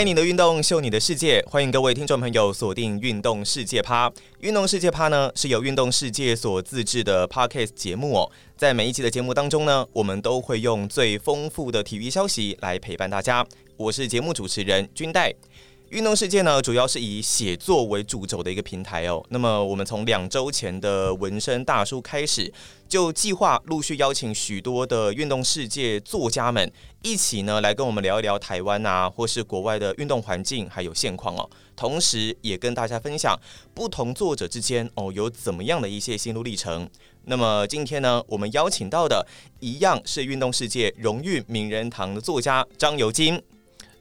愛你的運動，秀你的世界，歡迎各位聽眾朋友鎖定運動世界趴《運動世界趴呢》。《運動世界趴》呢，是由《運動世界》所自製的 podcast 節目哦。在每一集的節目當中呢，我們都會用最豐富的體育消息來陪伴大家。我是節目主持人君代。運動視界呢，主要是以寫作為主軸的一個平台哦。那麼，我們從兩週前的紋身大叔開始，就計劃陸續邀請許多的運動視界作家們一起呢，來跟我們聊一聊台灣啊，或是國外的運動環境還有現況哦。同時，也跟大家分享不同作者之間哦，有怎麼樣的一些心路歷程。那麼，今天呢，我們邀請到的一樣是運動視界榮譽名人堂的作家張尤金。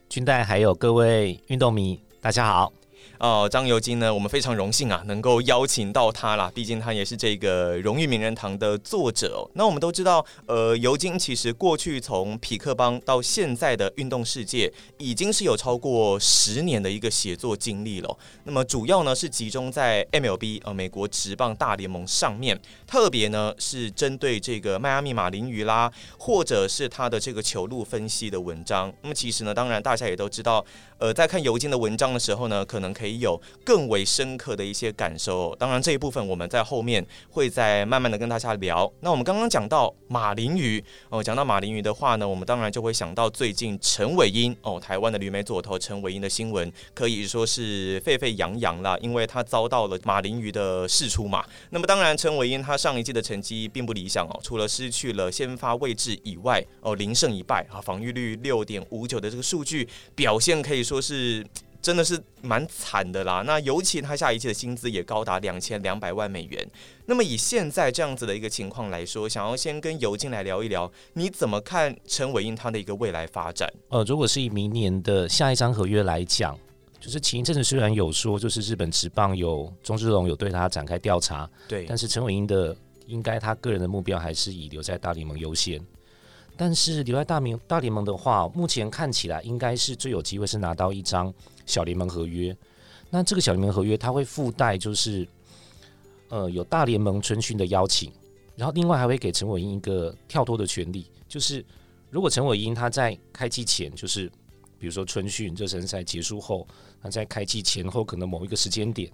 軍代，還有各位運動迷，大家好。哦，張尤金呢？我們非常榮幸啊，能夠邀請到他啦。畢竟他也是這個榮譽名人堂的作者哦。那我們都知道，呃，尤金其實過去從痞客邦到現在的運動視界，已經是有超過十年的一個寫作經歷了哦。那麼主要呢是集中在 MLB，呃，美國職棒大聯盟上面，特別呢是針對這個邁阿密馬林魚啦，或者是他的這個球路分析的文章。那麼其實呢，當然大家也都知道，呃，在看尤金的文章的時候呢，可能。可以有更為深刻的一些感受哦，當然，這一部分我們在後面會再慢慢的跟大家聊。那我們剛剛講到馬林魚哦，講到馬林魚的話呢，我們當然就會想到最近陳偉殷哦，台灣的旅美左投陳偉殷的新聞可以說是沸沸揚揚啦，因為他遭到了馬林魚的釋出嘛。那麼，當然陳偉殷他上一季的成績並不理想哦，除了失去了先發位置以外哦，零勝一敗啊，防禦率六點五九的這個數據表現可以說是。真的是蠻慘的啦。那尤其他下一期的薪資也高達兩千兩百萬美元。那麼以現在這樣子的一個情況來說，想要先跟尤金來聊一聊，你怎麼看陳偉殷他的一個未來發展？呃，如果是以明年的下一張合約來講，就是前一陣子雖然有說，就是日本職棒有中日龍有對他展開調查，對，但是陳偉殷的應該他個人的目標還是以留在大聯盟優先。但是留在大明大聯盟的話，目前看起來應該是最有機會是拿到一張。小聯盟合約，那這個小聯盟合約它會附帶就是，呃，有大聯盟春訓的邀請，然後另外還會給陳偉殷一個跳脫的權利，就是如果陳偉殷他在開季前，就是比如說春訓、熱身賽結束後，那在開季前後可能某一個時間點，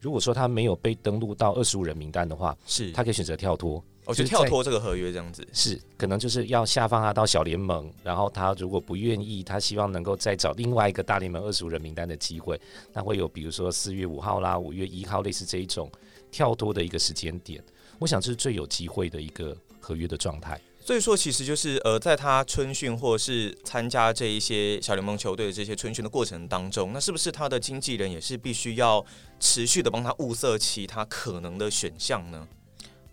如果說他沒有被登錄到二十五人名單的話，是他可以選擇跳脫。我覺得跳脫這個合約這樣子是可能就是要下放他到小聯盟，然後他如果不願意，他希望能夠再找另外一個大聯盟二十五人名單的機會，那會有比如說四月五號啦、五月一號類似這一種跳脫的一個時間點。我想這是最有機會的一個合約的狀態。所以說，其實就是呃，在他春訓或是參加這一些小聯盟球隊的這些春訓的過程當中，那是不是他的經紀人也是必須要持續的幫他物色其他可能的選項呢？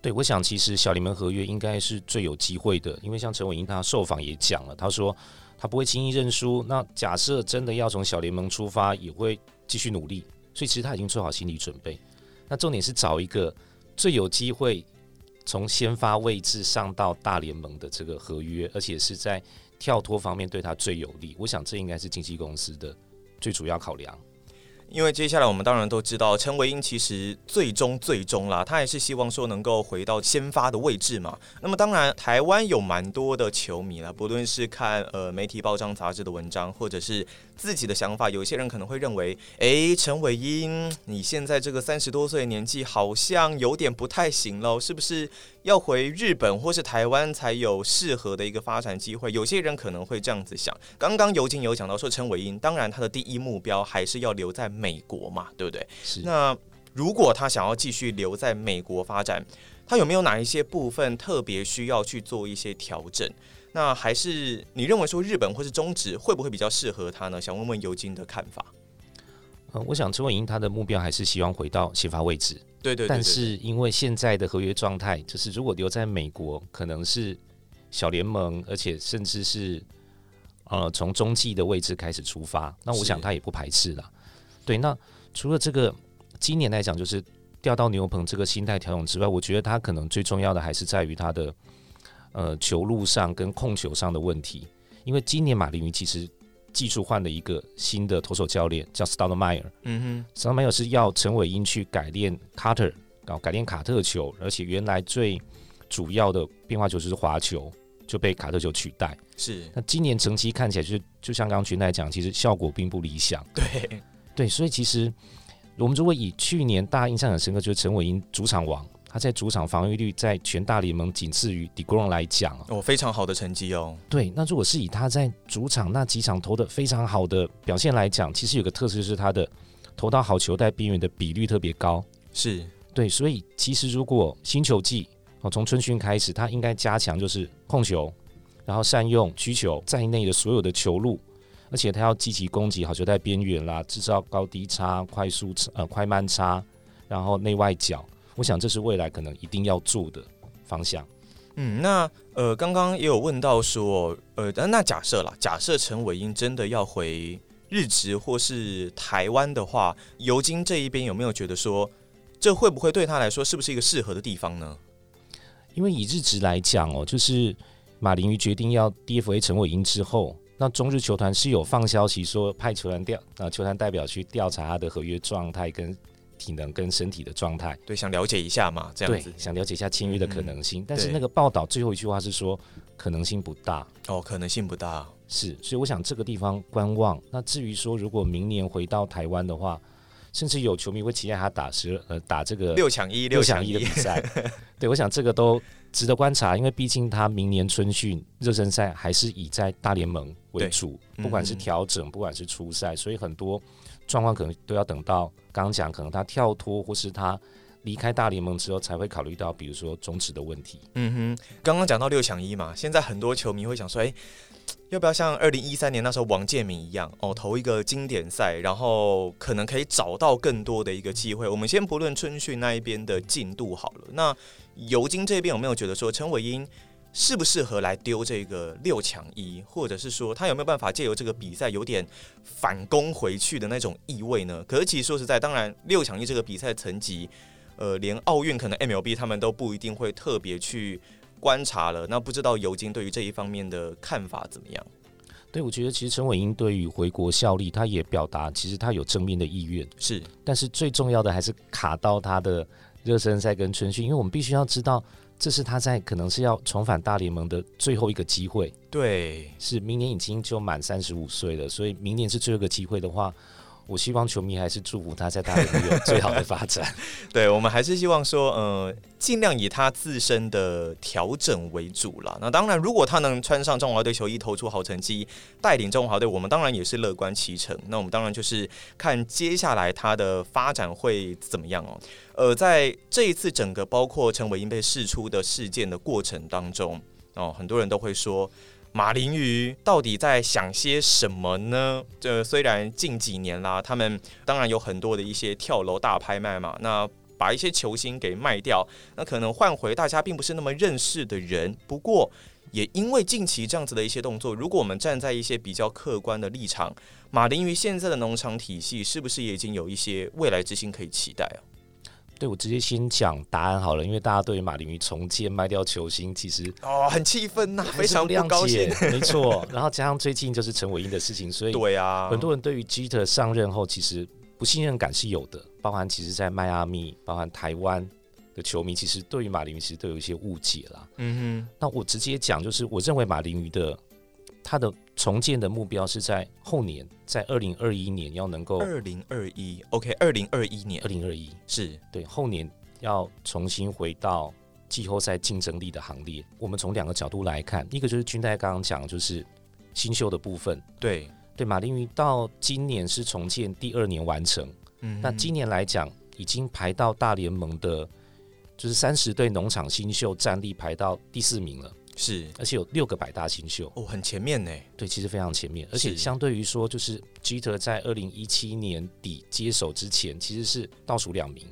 對，我想其實小聯盟合約應該是最有機會的，因為像陳偉殷他受訪也講了，他說他不會輕易認輸。那假設真的要從小聯盟出發，也會繼續努力，所以其實他已經做好心理準備。那重點是找一個最有機會從先發位置上到大聯盟的這個合約，而且是在跳脫方面對他最有利。我想這應該是經紀公司的最主要考量。因為接下來我們當然都知道，陳偉殷其實最終最終啦，他也是希望說能夠回到先發的位置嘛。那麼當然，台灣有蠻多的球迷啦，不論是看呃媒體報章雜誌的文章，或者是自己的想法，有些人可能會認為，哎，陳偉殷你現在這個三十多歲的年紀，好像有點不太行嘍，是不是要回日本或是台灣才有適合的一個發展機會？有些人可能會這樣子想。剛剛尤金有講到說，陳偉殷當然他的第一目標還是要留在。美國嘛，對不對？是。那如果他想要繼續留在美國發展，他有沒有哪一些部分特別需要去做一些調整？那還是你認為說日本或是中職會不會比較適合他呢？想問問尤金的看法。嗯、呃，我想陳偉殷他的目標還是希望回到先發位置，對對，對，對對。但是因為現在的合約狀態，就是如果留在美國，可能是小聯盟，而且甚至是呃從中繼的位置開始出發，那我想他也不排斥了。對，那除了這個今年來講，就是調到牛棚這個心態調整之外，我覺得他可能最重要的還是在於他的呃球路上跟控球上的問題。因為今年馬林魚其實技術換了一個新的投手教練，叫 Stoudemire。嗯哼，Stoudemire 是要陳偉殷去改練卡特然後改練卡特球，而且原來最主要的變化球就是滑球就被卡特球取代。是。那今年成績看起來就就像剛剛群來講，其實效果並不理想。對。對，所以其實我們如果以去年大家印象很深刻，就是陳偉盈主場王，他在主場防禦率在全大聯盟僅次於 d 國 g 來講哦，非常好的成績哦。對，那如果是以他在主場那幾場投的非常好的表現來講，其實有個特色，就是他的投到好球帶邊緣的比率特別高。是，對，所以其實如果新球季哦，從春訓開始，他應該加強就是控球，然後善用需求在內的所有的球路。而且他要積極攻擊好球在邊緣啦，制造高低差、快速呃快慢差，然後內外角，我想這是未來可能一定要做的方向。嗯，那呃，剛剛也有問到說，呃，那假設啦，假設陳偉殷真的要回日職或是台灣的話，尤金這一邊有沒有覺得說，這會不會對他來說是不是一個適合的地方呢？因為以日職來講哦，就是馬林魚決定要 DFA 陳偉殷之後。那中日球團是有放消息說，派球團調啊球團代表去調查他的合約狀態跟體能跟身體的狀態，對，想了解一下嘛，這樣子，想了解一下簽約的可能性嗯嗯。但是那個報道最後一句話是說可能性不大哦，可能性不大是，所以我想這個地方觀望。那至於說如果明年回到台灣的話，甚至有球迷會期待他打十呃打這個六搶一六搶一的比賽。 對，我想這個都值得觀察，因為畢竟他明年春訓熱身賽還是以在大聯盟為主，不管是調整、嗯，不管是出賽，所以很多狀況可能都要等到剛剛講，可能他跳脫或是他離開大聯盟之後，才會考慮到比如說終止的問題。嗯哼，剛剛講到六搶一嘛，現在很多球迷會想說，誒、欸……要不要像二零一三年那時候王建民一樣哦，投一個經典賽，然後可能可以找到更多的一個機會。我們先不論春訓那一邊的進度好了。那尤金這邊有沒有覺得說陳偉殷適不適合來丟這個六搶一，或者是說他有沒有辦法借由這個比賽有點反攻回去的那種意味呢？可是其實說實在，當然六搶一這個比賽層級，呃，連奧運可能 MLB 他們都不一定會特別去。觀察了，那不知道尤金對於這一方面的看法怎麼樣？對，我覺得，其實陳偉殷對於回國效力，他也表達其實他有正面的意願，是。但是最重要的還是卡到他的熱身賽跟春訓，因為我們必須要知道，這是他在可能是要重返大聯盟的最後一個機會。對，是明年已經就滿三十五歲了，所以明年是最後一個機會的話。我希望球迷還是祝福他在大陸有最好的發展。 對，我們還是希望說，呃，盡量以他自身的調整為主了。那當然，如果他能穿上中華隊球衣，投出好成績，帶領中華隊，我們當然也是樂觀其成。那我們當然就是看接下來他的發展會怎麼樣哦、喔。呃，在這一次整個包括陳偉殷被釋出的事件的過程當中，哦、呃，很多人都會說。馬林魚到底在想些什麼呢？這雖然近幾年啦，他們當然有很多的一些跳樓大拍賣嘛，那把一些球星給賣掉，那可能換回大家並不是那麼認識的人。不過，也因為近期這樣子的一些動作，如果我們站在一些比較客觀的立場，馬林魚現在的農場體系是不是也已經有一些未來之星可以期待啊？對，我直接先講答案好了，因為大家對於馬林魚重建賣掉球星，其實哦很氣憤吶，非常不高興。沒錯，然後加上最近就是陳偉殷的事情， 所以對啊，很多人對於吉特上任後其實不信任感是有的，包含其實在邁阿密，包含台灣的球迷，其實對於馬林魚其實都有一些誤解啦。嗯哼，那我直接講，就是我認為馬林魚的。他的重建的目標是在後年，在二零二一年要能夠二零二一，OK，二零二一年，二零二一是對後年要重新回到季後賽競爭力的行列。我們從兩個角度來看，一個就是軍代剛剛講，就是新秀的部分，對對，馬林魚到今年是重建第二年完成，嗯，那今年來講已經排到大聯盟的，就是三十隊農場新秀戰力排到第四名了。是，而且有六個百大新秀哦，很前面呢。對，其實非常前面，而且相對於說，就是吉德在二零一七年底接手之前，其實是倒數兩名。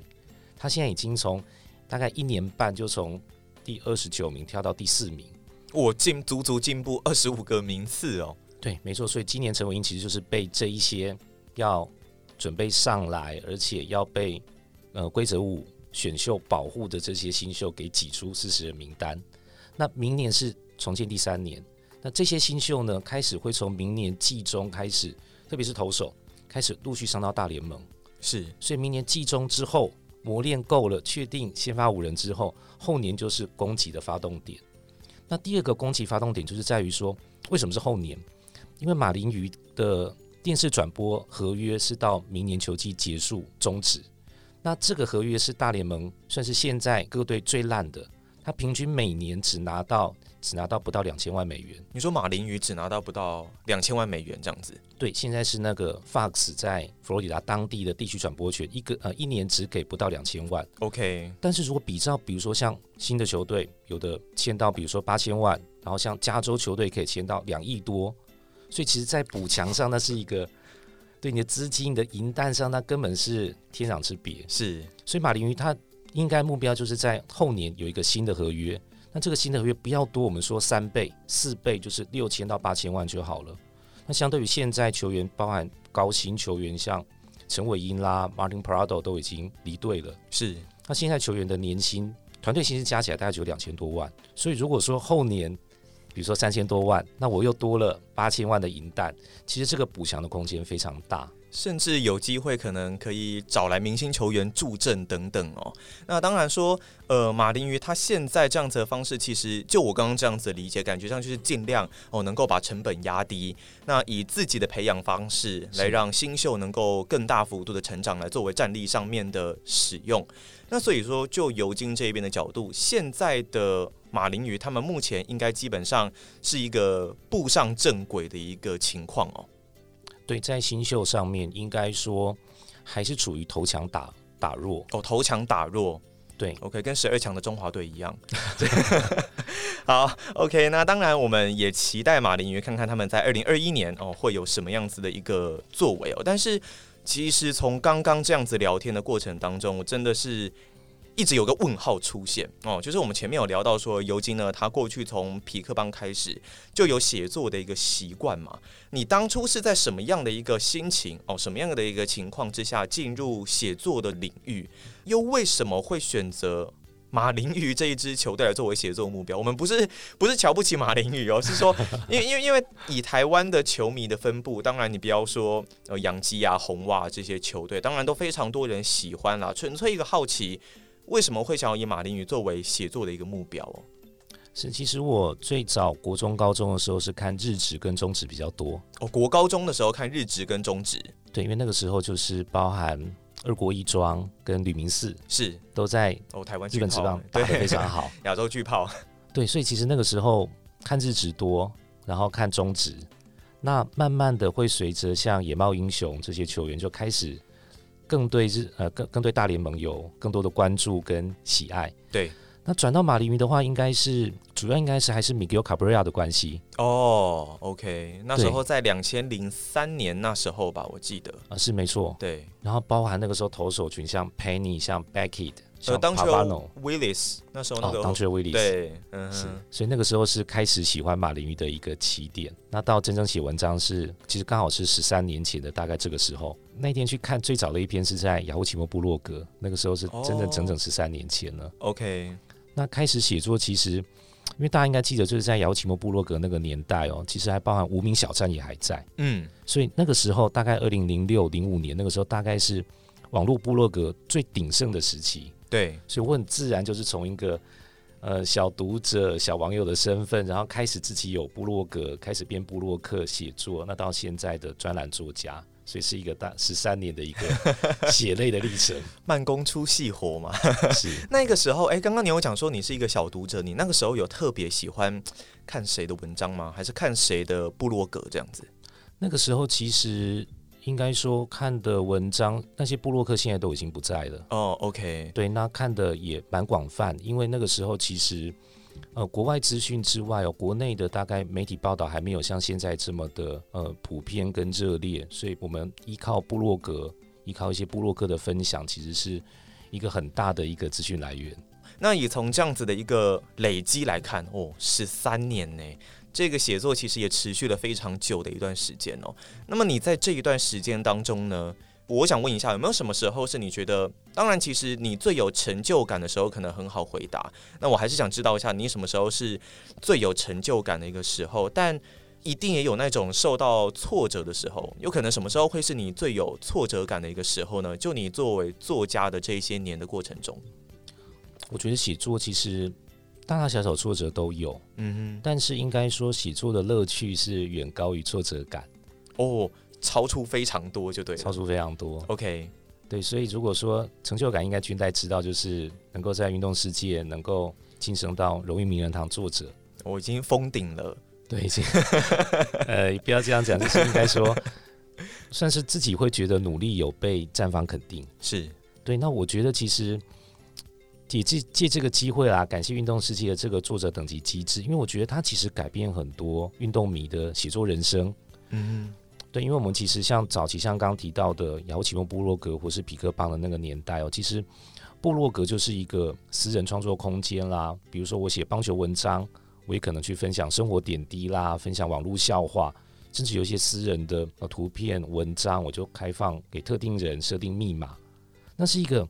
他現在已經從大概一年半就從第二十九名跳到第四名，我進足足進步二十五個名次哦。對，沒錯。所以今年陳偉殷其實就是被這一些要準備上來，而且要被呃規則五選秀保護的這些新秀給擠出四十人名單。那明年是重建第三年，那這些新秀呢，開始會從明年季中開始，特別是投手，開始陸續上到大聯盟。是，所以明年季中之後磨練夠了，確定先發五人之後，後年就是攻擊的發動點。那第二個攻擊發動點就是在於說，為什麼是後年？因為馬林魚的電視轉播合約是到明年球季結束終止，那這個合約是大聯盟算是現在各隊最爛的。他平均每年只拿到只拿到不到兩千萬美元。你說馬林魚只拿到不到兩千萬美元這樣子？對，現在是那個 Fox 在佛羅里達當地的地區轉播權一個呃一年只給不到兩千萬。OK，但是如果比較，比如說像新的球隊，有的簽到比如說八千萬，然後像加州球隊可以簽到兩億多，所以其實，在補強上，那是一個對你的資金你的銀彈上，那根本是天壤之別。是，所以馬林魚他。應該目標就是在後年有一個新的合約，那這個新的合約不要多，我們說三倍、四倍，就是六千到八千萬就好了。那相對於現在球員，包含高薪球員像陳偉殷啦、Martin Prado 都已經離隊了，是。那現在球員的年薪團隊薪資加起來大概只有兩千多萬，所以如果說後年，比如說三千多萬，那我又多了八千萬的銀彈，其實這個補強的空間非常大。甚至有機會，可能可以找來明星球員助陣等等哦。那當然說，呃，馬林魚他現在這樣子的方式，其實就我剛剛這樣子的理解，感覺上就是盡量哦，能夠把成本壓低。那以自己的培養方式來讓新秀能夠更大幅度的成長，來作為戰力上面的使用。那所以說，就尤金這邊的角度，現在的馬林魚他們目前應該基本上是一個步上正軌的一個情況哦。所以在新秀上面，應該說還是處於投強打打弱哦，投強打弱，對，OK，跟十二強的中華隊一樣。對， 好，OK，那當然我們也期待馬林魚，看看他們在二零二一年哦會有什麼樣子的一個作為哦。但是其實從剛剛這樣子聊天的過程當中，我真的是。一直有一個問號出現哦，就是我們前面有聊到說，尤金呢，他過去從痞客邦開始就有寫作的一個習慣嘛。你當初是在什麼樣的一個心情哦，什麼樣的一個情況之下進入寫作的領域？又為什麼會選擇馬林魚這一支球隊來作為寫作目標？我們不是不是瞧不起馬林魚哦，是說，因為因為因為以台灣的球迷的分布，當然你不要說呃洋基啊、紅襪這些球隊，當然都非常多人喜歡啦。純粹一個好奇。為什麼會想要以馬林魚作為寫作的一個目標哦？是，其實我最早國中、高中的時候是看日職跟中職比較多哦。國高中的時候看日職跟中職，對，因為那個時候就是包含二郭一莊跟呂明賜，是都在哦台灣日本職棒打、哦、的非常好，亞洲巨炮。對，所以其實那個時候看日職多，然後看中職，那慢慢的會隨着像野茂英雄這些球員就開始。更對日呃更更對大聯盟有更多的關注跟喜愛。對，那轉到馬林魚的話應該，應該是主要應該是還是 Miguel Cabrera 的關係。哦、oh，OK，那時候在兩千零三年那時候吧，我記得啊，是沒錯。對，然後包含那個時候投手群像 Penny，像 Beckett。像當初的 Willis，那時候那個、哦、當時的 Willis 對，嗯，是，所以那個時候是開始喜歡馬林魚的一個起點。那到真正寫文章是，其實剛好是十三年前的大概這個時候。那天去看最早的一篇是在雅虎奇摩部落格，那個時候是真正整整十三年前了。Oh, OK，那開始寫作其實，因為大家應該記得，就是在雅虎奇摩部落格那個年代哦，其實還包含無名小站也還在。嗯，所以那個時候大概二零零六零五年，那個時候大概是網絡部落格最鼎盛的時期。對，所以我很自然就是從一個呃小讀者、小網友的身份，然後開始自己有部落格，開始變部落客寫作，那到現在的專欄作家，所以是一個大十三年的一個血淚的歷程。 慢工出細活嘛， 是那個時候，哎、欸，剛剛你有講說你是一個小讀者，你那個時候有特別喜歡看誰的文章嗎？還是看誰的部落格這樣子？那個時候其實。應該說，看的文章那些部落客現在都已經不在了哦、oh,，OK，對，那看的也蠻廣泛，因為那個時候其實，呃，國外資訊之外哦，國內的大概媒體報道還沒有像現在這麼的呃普遍跟熱烈，所以我們依靠部落格，依靠一些部落客的分享，其實是一個很大的一個資訊來源。那也從這樣子的一個累積來看哦，十三年呢。這個寫作其實也持續了非常久的一段時間哦。那麼你在這一段時間當中呢，我想問一下，有沒有什麼時候是你覺得，當然其實你最有成就感的時候，可能很好回答。那我還是想知道一下，你什麼時候是最有成就感的一個時候？但一定也有那種受到挫折的時候，有可能什麼時候會是你最有挫折感的一個時候呢？就你作為作家的這些年的過程中，我覺得寫作其實。大大小小挫折都有，嗯哼，但是應該說寫作的樂趣是遠高於挫折感，哦，超出非常多，就對，超出非常多，OK，對，所以如果說成就感，應該君代知道，就是能夠在運動世界能夠晉升到榮譽名人堂作者，我已經封頂了，對，已經， 呃，不要這樣講，就是應該說，算是自己會覺得努力有被綻放肯定，是對，那我覺得其實。借借這個機會啦，感謝運動視界的這個作者等級機制，因為我覺得它其實改變很多運動迷的寫作人生。嗯，對，因為我們其實像早期像剛剛提到的雅虎奇摩部落格或是痞客邦的那個年代哦、喔，其實部落格就是一個私人創作空間啦。比如說我寫棒球文章，我也可能去分享生活點滴啦，分享網絡笑話，甚至有一些私人的圖片文章，我就開放給特定人設定密碼。那是一個。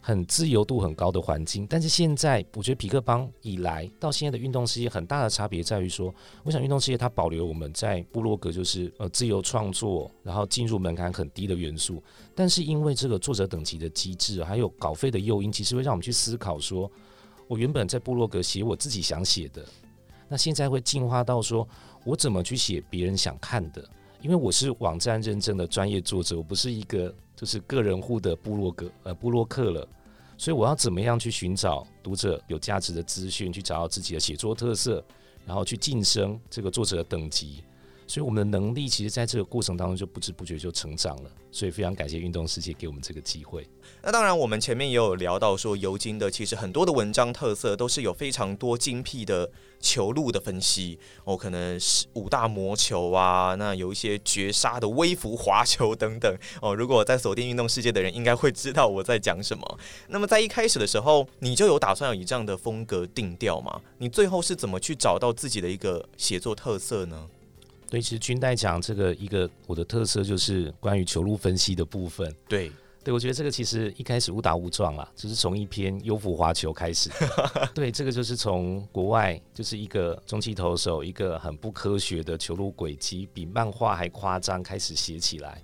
很自由度很高的環境，但是現在我覺得痞客邦以來到現在的運動視界很大的差別在於說，我想運動視界它保留我們在部落格就是呃自由創作，然後進入門檻很低的元素，但是因為這個作者等級的機制，還有稿費的誘因，其實會讓我們去思考說，我原本在部落格寫我自己想寫的，那現在會進化到說我怎麼去寫別人想看的？因為我是網站認證的專業作者，我不是一個。就是個人戶的部落格，呃，部落客了，所以我要怎麼樣去尋找讀者有價值的資訊，去找到自己的寫作特色，然後去晉升這個作者的等級。所以我們的能力，其實在這個過程當中就不知不覺就成長了。所以非常感謝運動視界給我們這個機會。那當然，我們前面也有聊到說，尤金的其實很多的文章特色都是有非常多精闢的球路的分析哦，可能是五大魔球啊，那有一些絕殺的微服滑球等等哦。如果在鎖定運動視界的人，應該會知道我在講什麼。那麼在一開始的時候，你就有打算要以這樣的風格定調嗎？你最後是怎麼去找到自己的一個寫作特色呢？對，其實軍代講這個一個我的特色就是關於球路分析的部分。對，對我覺得這個其實一開始誤打誤撞啦，就是從一篇幽浮滑球開始。 對，這個就是從國外就是一個中繼投手一個很不科學的球路軌跡，比漫畫還誇張，開始寫起來。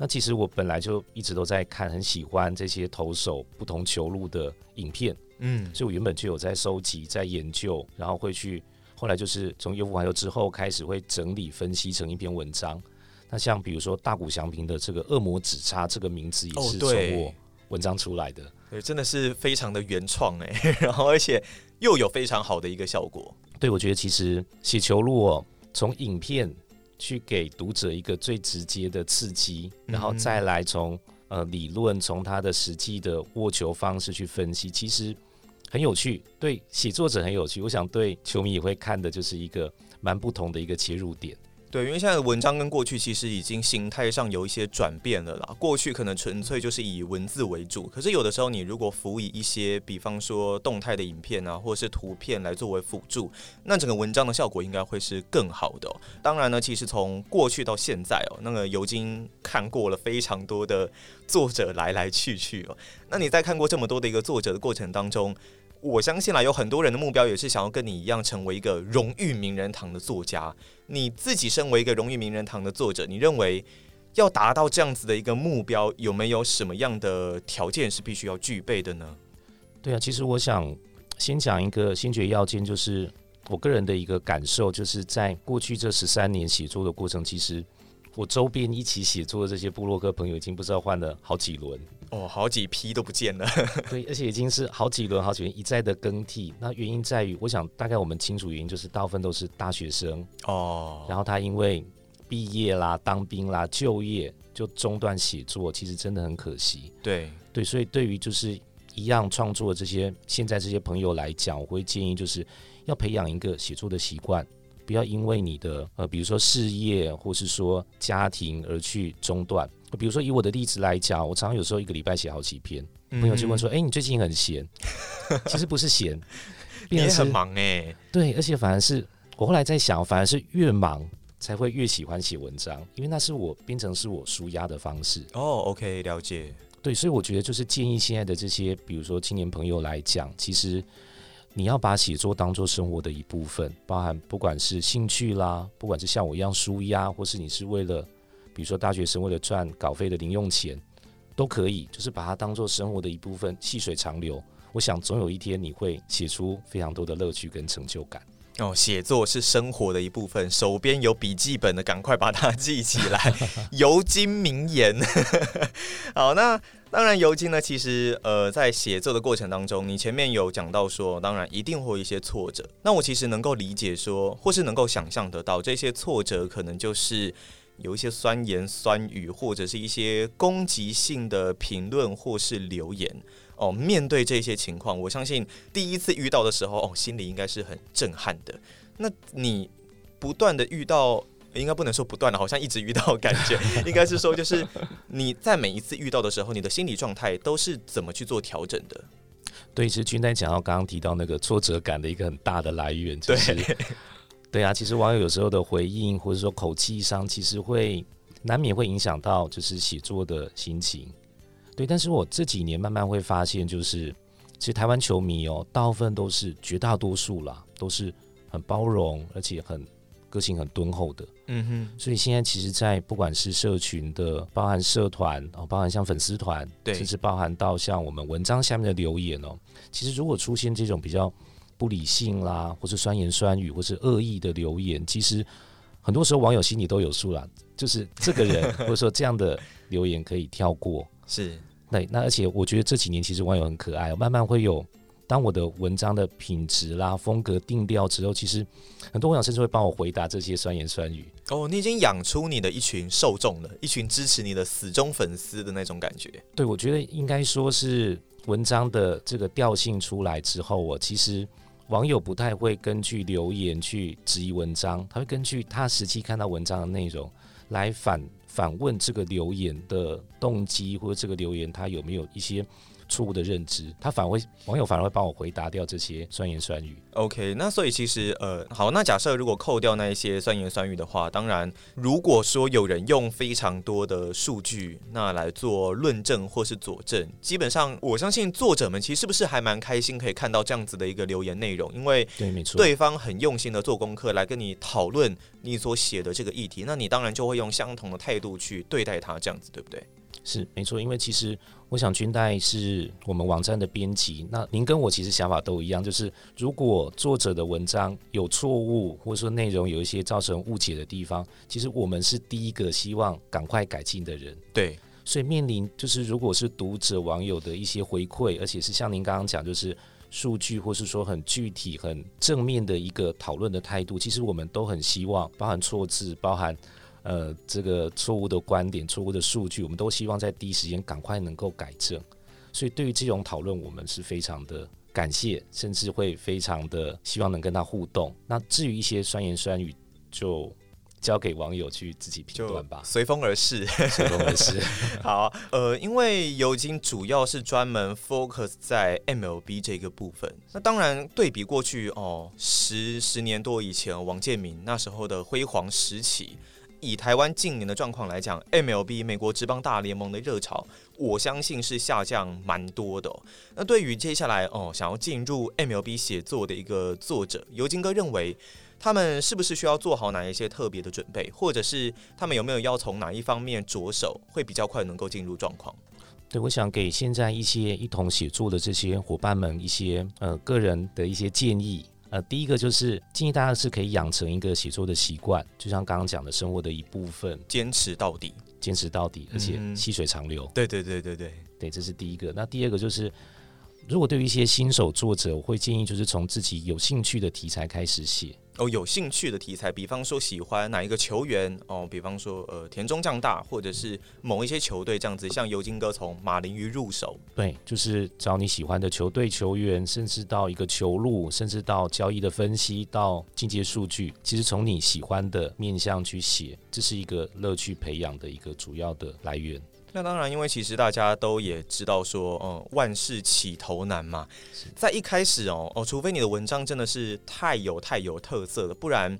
那其實我本來就一直都在看，很喜歡這些投手不同球路的影片。嗯，所以我原本就有在收集、在研究，然後會去。後來就是從優戶環遊之後開始會整理分析成一篇文章。那像比如說大谷翔平的這個「惡魔指叉」這個名字也是從我文章出來的。哦對，對，真的是非常的原創哎，然後而且又有非常好的一個效果。對，我覺得其實寫球路哦，從影片去給讀者一個最直接的刺激，然後再來從呃理論，從他的實際的握球方式去分析，其實。很有趣，對寫作者很有趣，我想對球迷也會看的，就是一個蠻不同的一個切入點。對，因為現在文章跟過去其實已經形態上有一些轉變了啦。過去可能純粹就是以文字為主，可是有的時候你如果輔以一些，比方說動態的影片啊，或者是圖片來作為輔助，那整個文章的效果應該會是更好的哦。當然呢，其實從過去到現在哦，那個尤金看過了非常多的作者來來去去哦。那你在看過這麼多的一個作者的過程當中，我相信啦，有很多人的目標也是想要跟你一樣，成為一個榮譽名人堂的作家。你自己身為一個榮譽名人堂的作者，你認為要達到這樣子的一個目標，有沒有什麼樣的條件是必須要具備的呢？對啊，其實我想先講一個先決要件，就是我個人的一個感受，就是在過去這十三年寫作的過程，其實。我周邊一起寫作的這些部落客朋友，已經不知道換了好幾輪哦，好幾批都不見了。對，而且已經是好幾輪、好幾輪一再的更替。那原因在於，我想大概我們清楚原因，就是大部分都是大學生哦。然後他因為畢業啦、當兵啦、就業就中斷寫作，其實真的很可惜。對對，所以對於就是一樣創作的這些現在這些朋友來講，我會建議就是要培養一個寫作的習慣。不要因為你的呃，比如說事業，或是說家庭而去中斷。比如說以我的例子來講，我常常有時候一個禮拜寫好幾篇嗯嗯，朋友就問說：“哎、欸，你最近很閒？” 其實不是閒，變成你很忙哎、欸。對，而且反而是我後來在想，反而是越忙才會越喜歡寫文章，因為那是我變成是我舒壓的方式。哦、oh,，OK，了解。對，所以我覺得就是建議現在的這些，比如說青年朋友來講，其實。你要把寫作當做生活的一部分，包含不管是興趣啦，不管是像我一樣抒壓，或是你是為了，比如說大學生為了賺稿費的零用錢，都可以，就是把它當做生活的一部分，細水長流。我想總有一天你會寫出非常多的樂趣跟成就感。哦，寫作是生活的一部分。手邊有筆記本的，趕快把它記起來。尤金 名言。 好，那當然，尤金呢，其實呃，在寫作的過程當中，你前面有講到說，當然一定會有一些挫折。那我其實能夠理解說，或是能夠想象得到，這些挫折可能就是有一些酸言酸語，或者是一些攻擊性的評論，或是留言。哦，面對這些情況，我相信第一次遇到的時候，哦，心裡應該是很震撼的。那你不斷的遇到，應該不能說不斷的，好像一直遇到感覺， 應該是說就是你在每一次遇到的時候，你的心理狀態都是怎麼去做調整的？對，其實君丹講到剛剛提到那個挫折感的一個很大的來源，就是對， 對啊，其實網友有時候的回應或者說口氣上，其實會難免會影響到就是寫作的心情。對，但是我這幾年慢慢會發現，就是其實台灣球迷哦，大部分都是絕大多數啦，都是很包容，而且很個性很敦厚的。嗯哼。所以現在其實，在不管是社群的，包含社團哦，包含像粉絲團，對，甚至包含到像我們文章下面的留言哦，其實如果出現這種比較不理性啦，或是酸言酸語，或是惡意的留言，其實很多時候網友心裡都有數啦，就是這個人 或者說這樣的留言可以跳過。是，對，那而且我覺得這幾年其實網友很可愛喔，慢慢會有，當我的文章的品質啦、風格定調之後，其實很多網友甚至會幫我回答這些酸言酸語。哦，你已經養出你的一群受眾了，一群支持你的死忠粉絲的那種感覺。對，我覺得應該說是文章的這個調性出來之後，我其實網友不太會根據留言去質疑文章，他會根據他實際看到文章的內容來反。反問這個留言的動機，或者這個留言它有沒有一些？錯誤的認知，他反而會網友反而會幫我回答掉這些酸言酸語。OK，那所以其實呃，好，那假設如果扣掉那一些酸言酸語的話，當然，如果說有人用非常多的數據那來做論證或是佐證，基本上我相信作者們其實是不是還蠻開心可以看到這樣子的一個留言內容，因為對，沒錯，對方很用心的做功課來跟你討論你所寫的這個議題，那你當然就會用相同的態度去對待他，這樣子對不對？是沒錯，因為其實我想軍代是我們網站的編輯，那您跟我其實想法都一樣，就是如果作者的文章有錯誤，或者說內容有一些造成誤解的地方，其實我們是第一個希望趕快改進的人。對，所以面臨就是如果是讀者網友的一些回饋，而且是像您剛剛講，就是數據或是說很具體、很正面的一個討論的態度，其實我們都很希望，包含錯字，包含。呃，這個錯誤的觀點、錯誤的數據，我們都希望在第一時間趕快能夠改正。所以，對於這種討論，我們是非常的感謝，甚至會非常的希望能跟他互動。那至於一些酸言酸語，就交給網友去自己評斷吧，隨風而逝，隨風而逝。 好，呃，因為尤金主要是專門 focus 在 MLB 這個部分。那當然，對比過去哦，十十年多以前，王建民那時候的輝煌時期。以台灣近年的狀況來講，MLB 美國職棒大聯盟的熱潮，我相信是下降蠻多的哦。那對於接下來哦，想要進入 MLB 寫作的一個作者，尤金哥認為他們是不是需要做好哪一些特別的準備，或者是他們有沒有要從哪一方面着手，會比較快能夠進入狀況？對，我想給現在一些一同寫作的這些夥伴們一些呃個人的一些建議。呃，第一個就是建議大家是可以養成一個寫作的習慣，就像剛剛講的，生活的一部分，堅持到底，堅持到底，而且細水長流。嗯。對對對對對對，這是第一個。那第二個就是，如果對於一些新手作者，我會建議就是從自己有興趣的題材開始寫。哦，有興趣的題材，比方說喜歡哪一個球員哦，比方說呃田中將大，或者是某一些球隊這樣子，像尤金哥從馬林魚入手，對，就是找你喜歡的球隊球員，甚至到一個球路，甚至到交易的分析，到進階數據，其實從你喜歡的面向去寫，這是一個樂趣培養的一個主要的來源。那當然，因為其實大家都也知道說，嗯，萬事起頭難嘛，在一開始哦，哦，除非你的文章真的是太有太有特色了，不然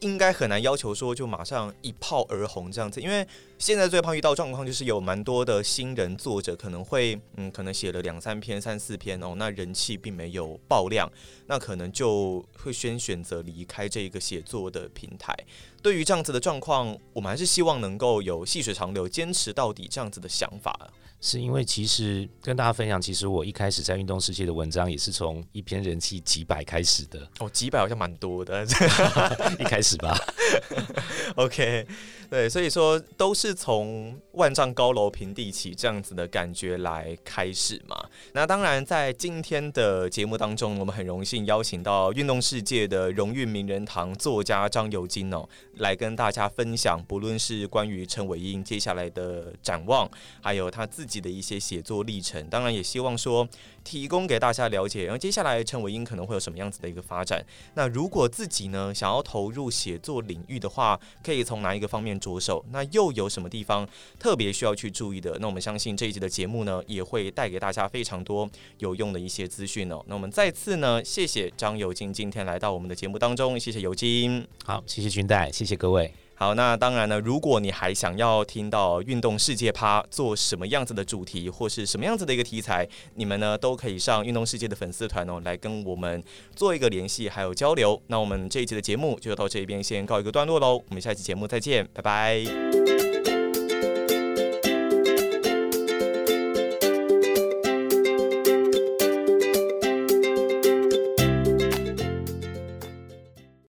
應該很難要求說就馬上一炮而紅這樣子，因為。現在最怕遇到狀況，就是有蠻多的新人作者，可能會，嗯，可能寫了兩三篇、三四篇哦，那人氣並沒有爆量，那可能就會先選擇離開這一個寫作的平台。對於這樣子的狀況，我們還是希望能夠有細水長流、堅持到底這樣子的想法。是因為其實跟大家分享，其實我一開始在運動視界的文章也是從一篇人氣幾百開始的。哦，幾百好像蠻多的， 一開始吧。 OK。對，所以說都是從萬丈高樓平地起這樣子的感覺來開始嘛。那當然，在今天的節目當中，我們很榮幸邀請到《運動視界》的榮譽名人堂作家張尤金哦，來跟大家分享，不論是關於陳偉殷接下來的展望，還有他自己的一些寫作歷程。當然，也希望說。提供給大家了解，然後接下來陳偉殷可能會有什麼樣子的一個發展？那如果自己呢想要投入寫作領域的話，可以從哪一個方面着手？那又有什麼地方特別需要去注意的？那我們相信這一集的節目呢，也會帶給大家非常多有用的一些資訊呢。那我們再次呢，謝謝張尤金今天來到我們的節目當中，謝謝尤金。好，謝謝君代，謝謝各位。好，那當然呢，如果你還想要聽到運動視界啪做什麼樣子的主題，或是什麼樣子的一個題材，你們呢都可以上運動視界的粉絲團哦，來跟我們做一個聯繫，還有交流。那我們這一期的節目就到這邊先告一個段落嘍。我們下期節目再見，拜拜。